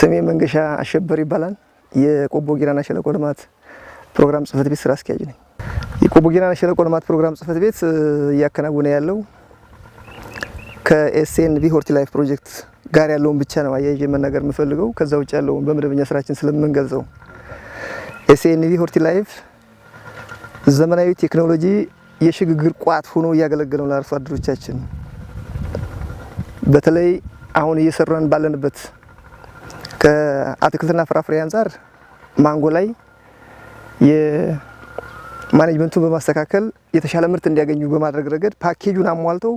ስሜ መንገሻ አሸበር ይባላል። የቆቦ ጊራና ሸለቆ ልማት ፕሮግራም ጽህፈት ቤት ስራ አስኪያጅ ነኝ። የቆቦ ጊራና ሸለቆ ልማት ፕሮግራም ጽህፈት ቤት እያከናወነ ያለው ከኤስኤንቪ ሆርቲ ላይፍ ፕሮጀክት ጋር ያለውን ብቻ ነው አያይዤ መናገር የምፈልገው። ከዛ ውጭ ያለውን በመደበኛ ስራችን ስለምንገልጸው ኤስኤንቪ ሆርቲ ላይፍ ዘመናዊ ቴክኖሎጂ የሽግግር ቋት ሆኖ እያገለገለ ነው ለአርሶ አደሮቻችን። በተለይ አሁን እየሰራን ባለንበት ከአትክልትና ፍራፍሬ አንጻር ማንጎ ላይ የማኔጅመንቱን በማስተካከል የተሻለ ምርት እንዲያገኙ በማድረግ ረገድ ፓኬጁን አሟልተው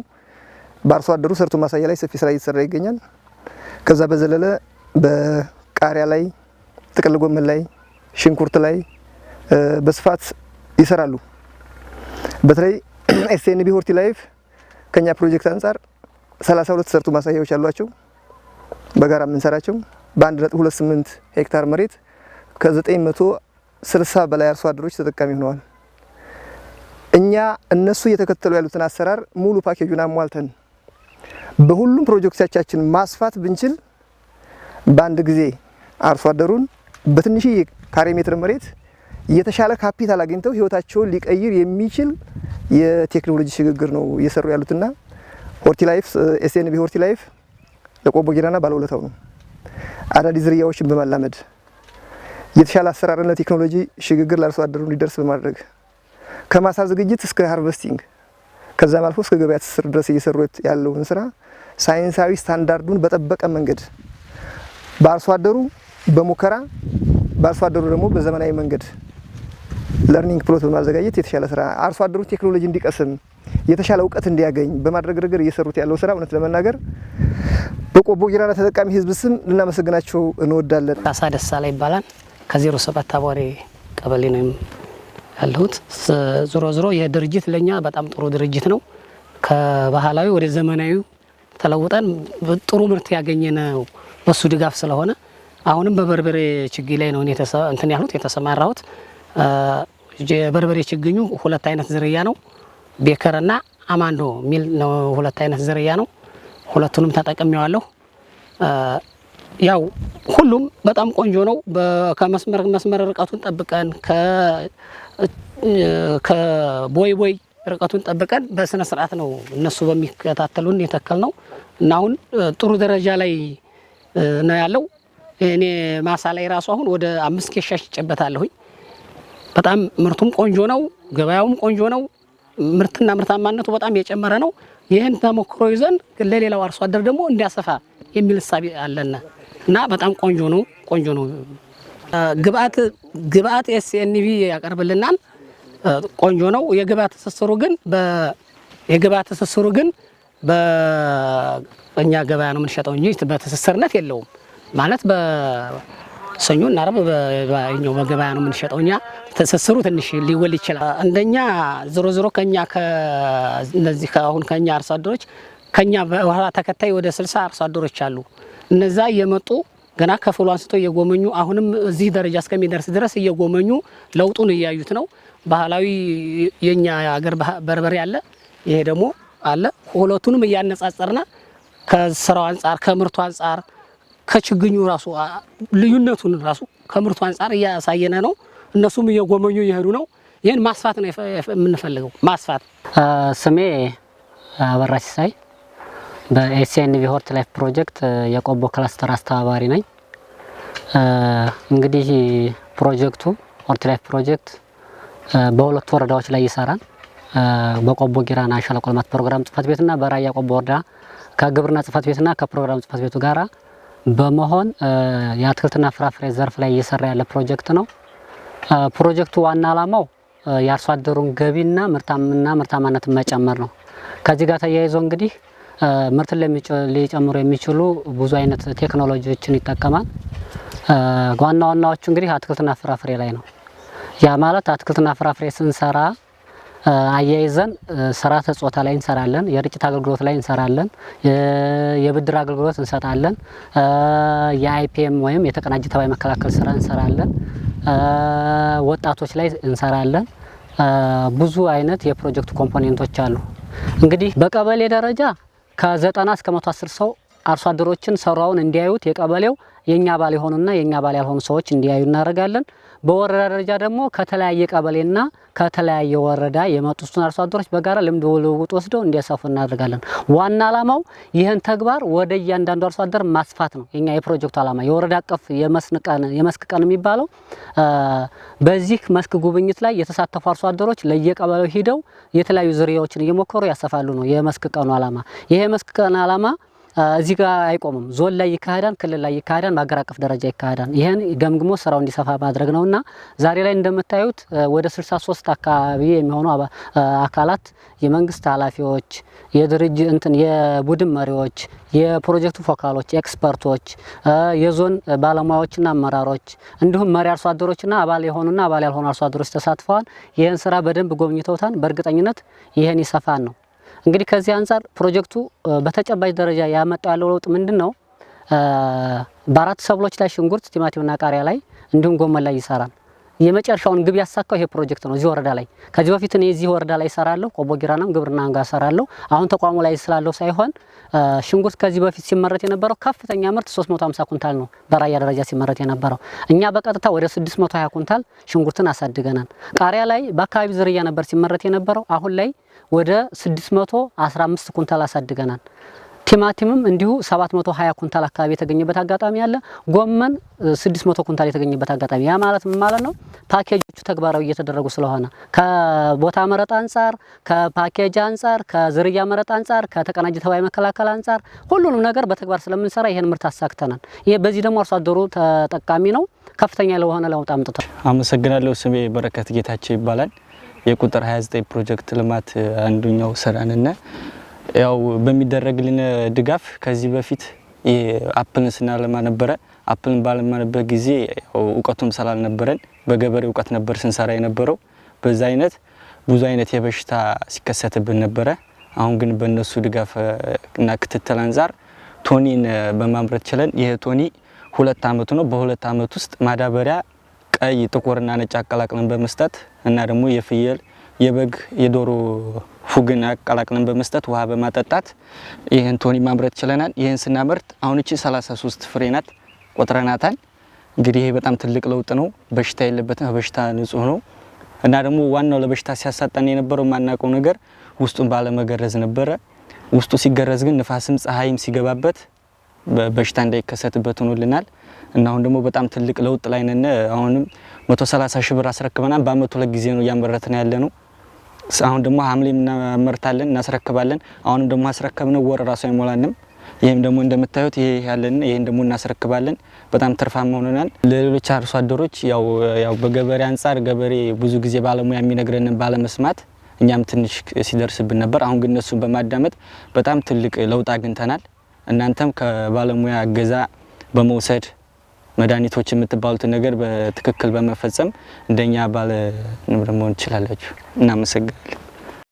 በአርሶ አደሩ ሰርቶ ማሳያ ላይ ሰፊ ስራ እየተሰራ ይገኛል። ከዛ በዘለለ በቃሪያ ላይ፣ ጥቅል ጎመን ላይ፣ ሽንኩርት ላይ በስፋት ይሰራሉ። በተለይ ኤስኤንቢ ሆርቲ ላይፍ ከኛ ፕሮጀክት አንጻር 32 ሰርቶ ማሳያዎች አሏቸው በጋራ የምንሰራቸው በ1.28 ሄክታር መሬት ከ960 በላይ አርሶ አደሮች ተጠቃሚ ሆነዋል። እኛ እነሱ እየተከተሉ ያሉትን አሰራር ሙሉ ፓኬጁን አሟልተን በሁሉም ፕሮጀክቶቻችን ማስፋት ብንችል በአንድ ጊዜ አርሶ አደሩን በትንሽዬ ካሬ ሜትር መሬት የተሻለ ካፒታል አግኝተው ህይወታቸውን ሊቀይር የሚችል የቴክኖሎጂ ሽግግር ነው እየሰሩ ያሉትና ሆርቲላይፍ ኤስኤንቢ ሆርቲላይፍ ለቆቦ ጌራና ባለውለታው ነው። አዳዲስ ዝርያዎችን በማላመድ የተሻለ አሰራርና ቴክኖሎጂ ሽግግር ለአርሶ አደሩ እንዲደርስ በማድረግ ከማሳ ዝግጅት እስከ ሃርቨስቲንግ ከዛም አልፎ እስከ ገበያ ትስስር ድረስ እየሰሩት ያለውን ስራ ሳይንሳዊ ስታንዳርዱን በጠበቀ መንገድ በአርሶ አደሩ በሙከራ በአርሶ አደሩ ደግሞ በዘመናዊ መንገድ ለርኒንግ ፕሎት በማዘጋጀት የተሻለ ስራ አርሶ አደሩ ቴክኖሎጂ እንዲቀስም የተሻለ እውቀት እንዲያገኝ በማድረግ ረገድ እየሰሩት ያለው ስራ እውነት ለመናገር በቆቦ ጊራና ተጠቃሚ ህዝብ ስም ልናመሰግናቸው እንወዳለን። ደሳ ላይ ይባላል። ከዜሮ ሰባት አቧሬ ቀበሌ ነው ያለሁት። ዞሮ ዞሮ ይህ ድርጅት ለእኛ በጣም ጥሩ ድርጅት ነው። ከባህላዊ ወደ ዘመናዊ ተለውጠን ጥሩ ምርት ያገኘ ነው በሱ ድጋፍ ስለሆነ አሁንም በበርበሬ ችግኝ ላይ ነው እንትን ያሉት የተሰማራሁት የበርበሬ ችግኙ ሁለት አይነት ዝርያ ነው። ቤከርና አማንዶ የሚል ነው። ሁለት አይነት ዝርያ ነው። ሁለቱንም ተጠቅሜዋለሁ። ያው ሁሉም በጣም ቆንጆ ነው። ከመስመር መስመር ርቀቱን ጠብቀን ከቦይ ቦይ ርቀቱን ጠብቀን በስነ ስርዓት ነው እነሱ በሚከታተሉን የተከል ነው እና አሁን ጥሩ ደረጃ ላይ ነው ያለው። እኔ ማሳ ላይ ራሱ አሁን ወደ አምስት ኬሻ ሽጬበታለሁኝ። በጣም ምርቱም ቆንጆ ነው፣ ገበያውም ቆንጆ ነው። ምርትና ምርታማነቱ በጣም የጨመረ ነው። ይህን ተሞክሮ ይዘን ለሌላው አርሶ አደር ደግሞ እንዲያሰፋ የሚል እሳቤ አለና እና በጣም ቆንጆ ነው ቆንጆ ነው። ግብአት ግብአት ኤስኤንቪ ያቀርብልናል። ቆንጆ ነው። የግብአት ትስስሩ ግን የግብአት ትስስሩ ግን በእኛ ገበያ ነው የምንሸጠው እንጂ በትስስርነት የለውም ማለት ሰኞ እና ረብ በኛው በገበያ ነው የምንሸጠው። እኛ ትስስሩ ትንሽ ሊወል ይችላል። እንደኛ ዞሮ ዞሮ ከኛ እነዚህ አሁን ከኛ አርሶ አደሮች ከኛ በኋላ ተከታይ ወደ ስልሳ አርሶ አደሮች አሉ። እነዛ እየመጡ ገና ከፍሎ አንስቶ እየጎመኙ አሁንም እዚህ ደረጃ እስከሚደርስ ድረስ እየጎመኙ ለውጡን እያዩት ነው። ባህላዊ የኛ ሀገር በርበሬ አለ፣ ይሄ ደግሞ አለ። ሁለቱንም እያነጻጸርና ከስራው አንጻር ከምርቱ አንጻር ከችግኙ ራሱ ልዩነቱን ራሱ ከምርቱ አንጻር እያሳየነ ነው። እነሱም እየጎመኙ እየሄዱ ነው። ይህን ማስፋት ነው የምንፈልገው ማስፋት። ስሜ አበራ ሲሳይ በኤስኤንቪ ሆርት ላይፍ ፕሮጀክት የቆቦ ክላስተር አስተባባሪ ነኝ። እንግዲህ ፕሮጀክቱ ሆርት ላይፍ ፕሮጀክት በሁለት ወረዳዎች ላይ ይሰራል። በቆቦ ጊራና ሸለቆ ልማት ፕሮግራም ጽህፈት ቤትና በራያ ቆቦ ወረዳ ከግብርና ጽህፈት ቤትና ከፕሮግራም ጽህፈት ቤቱ ጋራ በመሆን የአትክልትና ፍራፍሬ ዘርፍ ላይ እየሰራ ያለ ፕሮጀክት ነው። ፕሮጀክቱ ዋና ዓላማው የአርሶ አደሩን ገቢና ምርታምና ምርታማነትን መጨመር ነው። ከዚህ ጋር ተያይዞ እንግዲህ ምርትን ሊጨምሩ የሚችሉ ብዙ አይነት ቴክኖሎጂዎችን ይጠቀማል። ዋና ዋናዎቹ እንግዲህ አትክልትና ፍራፍሬ ላይ ነው። ያ ማለት አትክልትና ፍራፍሬ ስንሰራ አያይዘን ስርዓተ ጾታ ላይ እንሰራለን፣ የርጭት አገልግሎት ላይ እንሰራለን፣ የብድር አገልግሎት እንሰጣለን፣ የአይፒኤም ወይም የተቀናጀ ተባይ መከላከል ስራ እንሰራለን፣ ወጣቶች ላይ እንሰራለን። ብዙ አይነት የፕሮጀክት ኮምፖኔንቶች አሉ። እንግዲህ በቀበሌ ደረጃ ከዘጠና እስከ መቶ አስር ሰው አርሶ አደሮችን ሰራውን እንዲያዩት የቀበሌው የኛ ባል የሆኑና የኛ ባል ያልሆኑ ሰዎች እንዲያዩ እናደርጋለን። በወረዳ ደረጃ ደግሞ ከተለያየ ቀበሌና ከተለያየ ወረዳ የመጡትን አርሶ አደሮች በጋራ ልምድ ልውውጥ ወስደው እንዲያሰፉ እናደርጋለን። ዋና ዓላማው ይህን ተግባር ወደ እያንዳንዱ አርሶ አደር ማስፋት ነው። የኛ የፕሮጀክቱ ዓላማ የወረዳ አቀፍ የመስክ ቀን የሚባለው በዚህ መስክ ጉብኝት ላይ የተሳተፉ አርሶ አደሮች ለየቀበሌው ሂደው የተለያዩ ዝርያዎችን እየሞከሩ ያሰፋሉ ነው የመስክ ቀኑ ዓላማ። ይሄ የመስክ ቀን ዓላማ እዚህ ጋር አይቆምም። ዞን ላይ ይካሄዳል፣ ክልል ላይ ይካሄዳል፣ በሀገር አቀፍ ደረጃ ይካሄዳል። ይህን ገምግሞ ስራው እንዲሰፋ ማድረግ ነው እና ዛሬ ላይ እንደምታዩት ወደ 63 አካባቢ የሚሆኑ አካላት የመንግስት ኃላፊዎች፣ የድርጅት እንትን የቡድን መሪዎች፣ የፕሮጀክቱ ፎካሎች፣ ኤክስፐርቶች፣ የዞን ባለሙያዎችና አመራሮች እንዲሁም መሪ አርሶ አደሮችና አባል የሆኑና አባል ያልሆኑ አርሶ አደሮች ተሳትፈዋል። ይህን ስራ በደንብ ጎብኝተውታል። በእርግጠኝነት ይህን ይሰፋን ነው እንግዲህ ከዚህ አንጻር ፕሮጀክቱ በተጨባጭ ደረጃ ያመጣው ያለው ለውጥ ምንድን ነው? በአራት ሰብሎች ላይ ሽንኩርት፣ ቲማቲምና ቃሪያ ላይ እንዲሁም ጎመን ላይ ይሰራል። የመጨረሻውን ግብ ያሳካው ይሄ ፕሮጀክት ነው። እዚህ ወረዳ ላይ ከዚህ በፊት እኔ እዚህ ወረዳ ላይ እሰራለሁ፣ ቆቦ ጊራናም ግብርና ጋር እሰራለሁ። አሁን ተቋሙ ላይ ስላለው ሳይሆን ሽንኩርት ከዚህ በፊት ሲመረት የነበረው ከፍተኛ ምርት 350 ኩንታል ነው በራያ ደረጃ ሲመረት የነበረው። እኛ በቀጥታ ወደ 620 ኩንታል ሽንኩርትን አሳድገናል። ቃሪያ ላይ በአካባቢ ዝርያ ነበር ሲመረት የነበረው። አሁን ላይ ወደ 615 ኩንታል አሳድገናል። ቲማቲምም እንዲሁ 720 ኩንታል አካባቢ የተገኘበት አጋጣሚ አለ። ጎመን 600 ኩንታል የተገኘበት አጋጣሚ ያ ማለት ምን ማለት ነው? ፓኬጆቹ ተግባራዊ እየተደረጉ ስለሆነ ከቦታ መረጣ አንጻር፣ ከፓኬጅ አንጻር፣ ከዝርያ መረጣ አንጻር፣ ከተቀናጀ ተባይ መከላከል አንጻር ሁሉንም ነገር በተግባር ስለምንሰራ ይሄን ምርት አሳክተናል። ይሄ በዚህ ደግሞ አርሶ አደሩ ተጠቃሚ ነው። ከፍተኛ ለሆነ ለውጥ አምጥቷል። አመሰግናለሁ። ስሜ በረከት ጌታቸው ይባላል። የቁጥር 29 ፕሮጀክት ልማት አንዱኛው ስራንና ያው በሚደረግልን ድጋፍ ከዚህ በፊት አፕልን ስናለማ ነበረ። አፕልን ባለማንበት ጊዜ እውቀቱም ስላልነበረን በገበሬ እውቀት ነበር ስንሰራ የነበረው። በዛ አይነት ብዙ አይነት የበሽታ ሲከሰትብን ነበረ። አሁን ግን በእነሱ ድጋፍ እና ክትትል አንጻር ቶኒን በማምረት ችለን ይህ ቶኒ ሁለት አመቱ ነው። በሁለት አመት ውስጥ ማዳበሪያ ቀይ፣ ጥቁርና ነጭ አቀላቅለን በመስጠት እና ደግሞ የፍየል የበግ የዶሮ ፉግን አቀላቅለን በመስጠት ውሃ በማጠጣት ይህን ቶኒ ማምረት ችለናል። ይህን ስናመርት አሁን እቺ 33 ፍሬ ናት ቆጥረናታል። እንግዲህ ይሄ በጣም ትልቅ ለውጥ ነው። በሽታ የለበትም። በሽታ ንጹህ ነው እና ደግሞ ዋናው ለበሽታ ሲያሳጣን የነበረው የማናውቀው ነገር ውስጡን ባለመገረዝ ነበረ። ውስጡ ሲገረዝ ግን ንፋስም ፀሐይም ሲገባበት በሽታ እንዳይከሰትበት ሆኖልናል እና አሁን ደግሞ በጣም ትልቅ ለውጥ ላይ ነን። አሁንም 130 ሺህ ብር አስረክበናል። በአመቱ ሁለት ጊዜ ነው እያመረትን ያለ ነው። አሁን ደግሞ ሐምሌ እናመርታለን እናስረክባለን። አሁንም ደግሞ አስረከብነው ወር ራሱ አይሞላንም። ይህም ደግሞ እንደምታዩት ይሄ ያለን ይህን ደግሞ እናስረክባለን። በጣም ትርፋማ ሆነናል። ለሌሎች አርሶ አደሮች ያው ያው በገበሬ አንጻር ገበሬ ብዙ ጊዜ ባለሙያ የሚነግረንን ባለመስማት እኛም ትንሽ ሲደርስብን ነበር። አሁን ግን እነሱን በማዳመጥ በጣም ትልቅ ለውጥ አግኝተናል። እናንተም ከባለሙያ እገዛ በመውሰድ መድኃኒቶች የምትባሉትን ነገር በትክክል በመፈጸም እንደኛ ባለ ንብረ መሆን ትችላላችሁ። እናመሰግናለን።